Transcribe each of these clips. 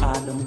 adam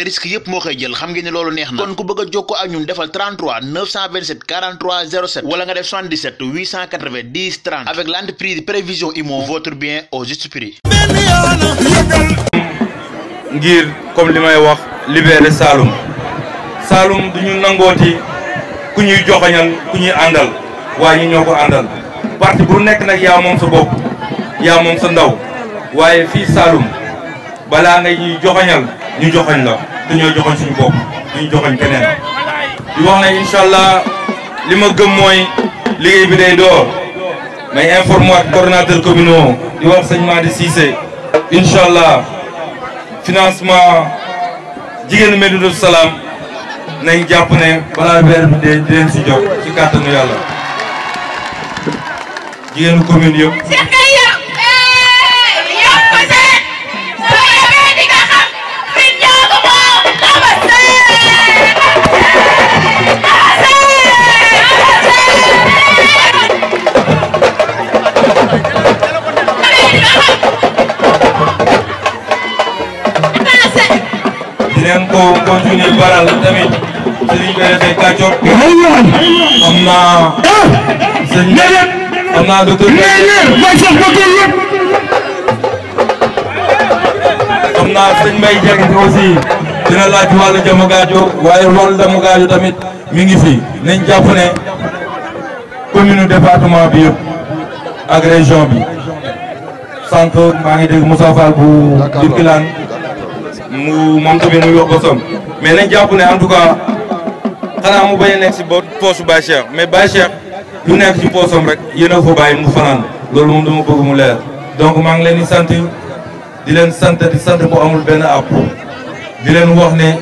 risque yëpp moo koy jël xam ngeen ni loolu neex na kon ku bëgg a jokkoo ak ñun defal 33 927 43 07 wala nga def 77 890 30 avec l'entreprise prévision immo votre bien au juste prix ngir comme li may wax libérer Saloum Saloum ñu nangooti ku ñuy joxañal ku ñuy àndal waaye ñu ñoo ko àndal parti bu nekk nag yaa moom sa bopp yaa moom sa ndaw waaye fii Saloum balaa nga ñuy joxañal ñu joxoñ la te ñoo joxoñ suñu bopp duñu joxoñ keneen di wax ne incha allah li ma gëm mooy liggéey bi day door may informé ak coordonnateur communaux di wax sëñ Madi Cissé incha allah financement jigéenu Medina Salaam nañ jàpp ne balaa weer dee di si jox ci kàttanu yàlla jigéenu commune yëpp ko continuer baral tamit sëriñ bi dafay kàccoor. xam naa. Ah! sëñ bi xam naa docteur. xam naa aussi dina laaj wàllu jamu waaye wàllu jamu gaajo tamit mi ngi fi nañ jàpp ne commune département bi yëpp ak bi sànq maa ngi dégg Moussa bu Dibkilaan. mu moom tamit muy wax bosam mais nañ jàpp ne en tout cas xanaa mu bañ a nekk si bo poosu Baye Cheikh mais Baye lu nekk ci poosam rek yéen a ko mu fanaan loolu moom dama bëgg mu leer donc maa ngi leen ni santi di leen sant di sant bu amul benn àpp di leen wax ne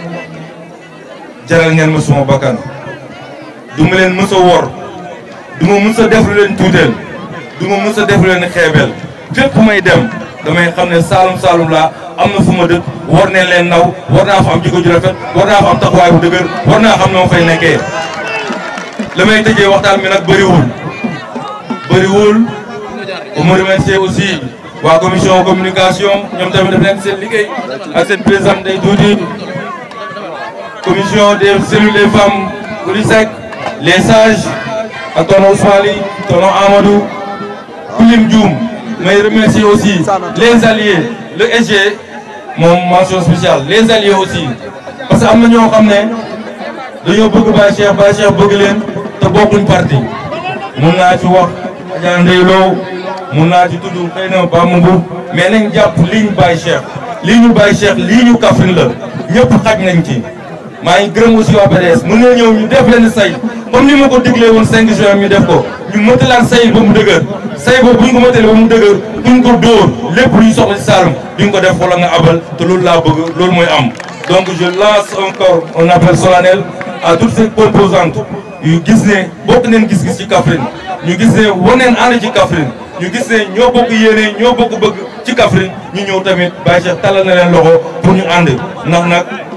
jaral ngeen ma suma bakkan du ma leen mës a wor du ma mës a def lu leen tuuteel du ma mës a leen xeebeel fépp may dem damay xamné Salum la amna fuma deuk warne len naw warna fa am jikko ju rafet bu warna aussi wa commission communication ñom tamit def nek sen à ak sen président commission des cellules des femmes Ulisek les sages ak Amadou Kulim Djoum may remercier aussi les alliés le SG moom mention spéciale les alliés aussi parce que am na ñoo am ne dañoo bëgg Baye Cheikh Baye Cheikh bëgg leen te bokkuñ parti mun naa ci wax Adja Ndeye Lo mun naa ci tudd xëy na Ba Mbour mais nañ jàpp lii ñu Baye Cheikh lii ñu Baye Cheikh lii ñu Kaffrine la ñëpp xaj nañ ci maa ngi gërëm aussi waa PDS mën na ñëw ñu def leen say comme ni ma ko diglee woon 5 juin ñu def ko ñu mëtalaan say ba mu dëgër say boobu bu ñu ko mëtalee ba dëgër duñ ko dóor lépp lu ñu soxla ci Saloum duñ ko def wala nga abal te loolu laa bëgg loolu mooy am. donc je lance encore un appel solennel à toutes ces composantes yu gis ne bokk neen gis-gis ci Kaffrine ñu gis ne wan neen ànd ci Kaffrine ñu gis ne ñoo bokk yéene ñoo bokk bëgg ci Kaffrine ñu ñëw tamit Baye Cheikh talal na leen loxo pour ñu ànd ndax nag.